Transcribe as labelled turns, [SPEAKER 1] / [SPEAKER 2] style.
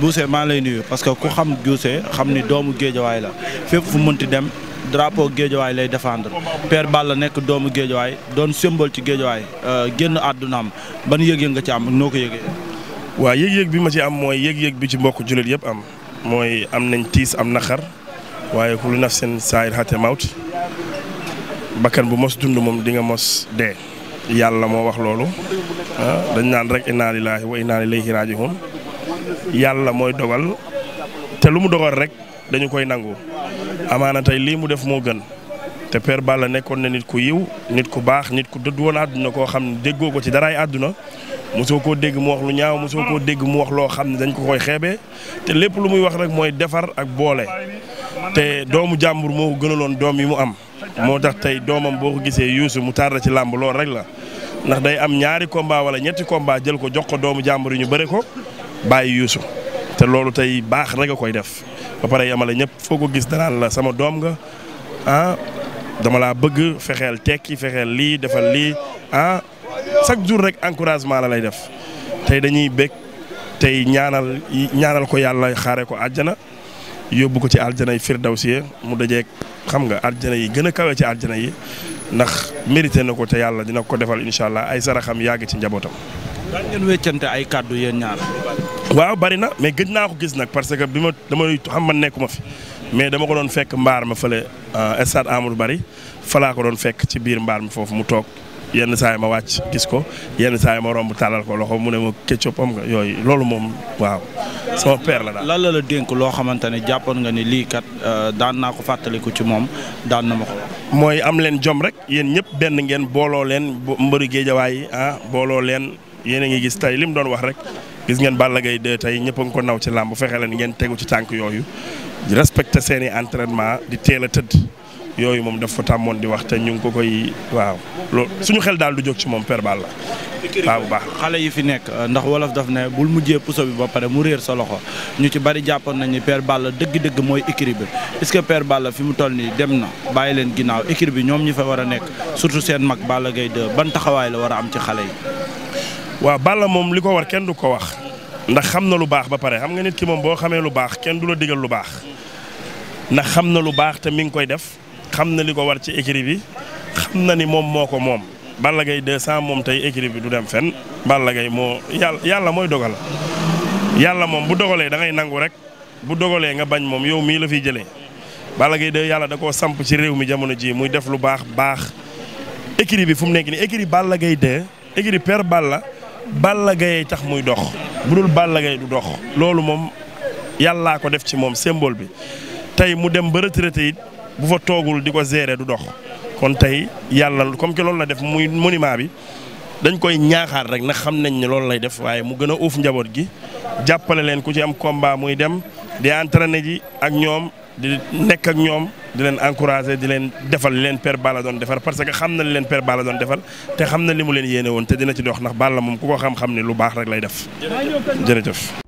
[SPEAKER 1] Buuse maa lay nuyu parce que ku xam Buuse xam ni doomu géejawaay la fépp fu ti dem drapeau géejawaay lay défendre Père la nekk doomu géejawaay doon symbole ci géejawaay euh, génn àdduna àddunaam ban yëg-yëg nga ci am noo ko yëgee. waaw yëg-yëg bi ma ci am mooy yëg-yëg bi ci mbokk jullit yëpp am mooy am nañ
[SPEAKER 2] tiis am naxar waaye ku lu naf seen saayir xate mawt bakkan bu mos dund moom di mos dee yàlla moo wax loolu ah, dañ naan rek inna lillahi wa inna ilayhi raji'un yàlla mooy dogal te lu mu dogal rek dañu koy nangu amaana tey lii mu def moo gën te per Balla nekkoon na nit ku yiw nit ku baax nit ku dëdd woon àdduna koo xam ne déggoo ko ci daraay àdduna mosoo koo dégg mu wax lu ñaaw mosoo koo dégg mu wax loo xam ne dañ ko koy xeebee te lépp lu muy wax rek mooy defar ak boole te doomu jàmbur moo ko gënaloon doom yi mu am moo tax tey doomam boo ko gisee yuusu mu taar la ci làmb lool rek la ndax day am ñaari combat wala ñetti combat jël ko jox ko doomu jàmbur ñu bëre ko bàyyi yuusu te loolu tey baax rek a koy def ba pare yamale ñëpp foo ko gis danaan la sama doom nga ah dama laa bëgg fexeel tekki fexeel lii defal lii ah chaque jour rek encouragement la lay def tey dañuy bëgg tey ñaanal ñaanal ko yàlla xaare ko àjjana yóbbu ko ci àjjana yi firdawsi mu dajeeg xam nga àjjana yi gën a kawe ci àjjana yi ndax mérité na ko te yàlla dina ko defal incha allah ay saraxam yàgg ci njabootam.
[SPEAKER 1] daan
[SPEAKER 2] ay kàddu yéen ñaar. waaw bari na mais gëj naa ko gis nag parce que bi ma dama xam man nekkuma fi mais dama ko doon fekk mbaar ma fële euh, stade Amadou Barry falaa ko doon fekk ci biir mbaar mi foofu mu toog yenn saa yi ma wàcc gis ko yenn saa yi ma romb tàllal ko loxo mu ne ma Ketchup am nga yooyu loolu moom waaw
[SPEAKER 1] sama père la daal. la dénk loo xamante ne jàppoon nga ni lii kat euh, daan naa ko fàttaliku ci moom daan na ma ko mooy am leen jom rek
[SPEAKER 2] yéen ñëpp benn ngeen booloo leen mbëri géejawaay ah booloo leen yéen a ngi gis tey li mu doon wax rek. gis ngeen Balla Gaye 2 tey ñëpp a ngi ko naw ci làmb fexe leen ngeen tegu ci tànk yooyu respecté seen i di teel a tëdd yooyu moom daf ko tàmmoon di wax te ñu ngi ko
[SPEAKER 1] koy waaw loolu suñu xel daal du jóg ci moom Père Balla waaw baax xale yi fi nekk ndax wolof daf ne bul mujjee puso bi ba pare mu réer sa loxo ñu ci bari jàppoon nañu ni Père Balla dëgg-dëgg mooy écurie bi est-ce que fi mu toll nii dem na bàyyi leen ginnaaw écurie bi ñoom ñi fa war a nekk surtout seen mag Balla gay 2 ban taxawaay la war a am ci xale yi. waaw Balla moom li
[SPEAKER 2] ko war kenn du ko wax ndax xam na lu baax ba pare xam nga nit ki moom boo xamee lu baax kenn du la digal lu baax ndax xam na lu baax te mi ngi koy def xam na li ko war ci écrit bi xam na ni moom moo ko moom. gay Gaye 200 moom tey écrit bi du dem fenn Balla Gaye moo yàlla yàlla mooy dogal yàlla moom bu dogalee da ngay nangu rek bu dogalee nga bañ moom yow mii la fiy jëlee. Balla Gaye 2 yàlla da koo samp ci réew mi jamono ji muy def lu baax baax écrit bi fu mu nekk nii écrit Balla Gaye 2 écrit père Balla Balla Gaye tax muy dox. bu dul Balla Gaye du dox loolu moom yàllaa ko def ci moom symbole bi tey mu dem ba retraité it bu fa toogul di ko gérer du dox kon tey yàlla comme que loolu la def muy monument bi dañ koy ñaaxaar rek nag xam nañ ne loolu lay def waaye mu gën a uuf njaboot gi jàppale leen ku ci am kombaa muy dem di entraîné ji ak ñoom di nekk ak ñoom di leen encouragé di leen defal leen per Balla doon defar parce que xam na li leen Père Balla doon defal te xam na li mu leen yéene woon te dina ci dox ndax Balla moom ku ko xam-xam ne lu baax rek lay def jërëjëf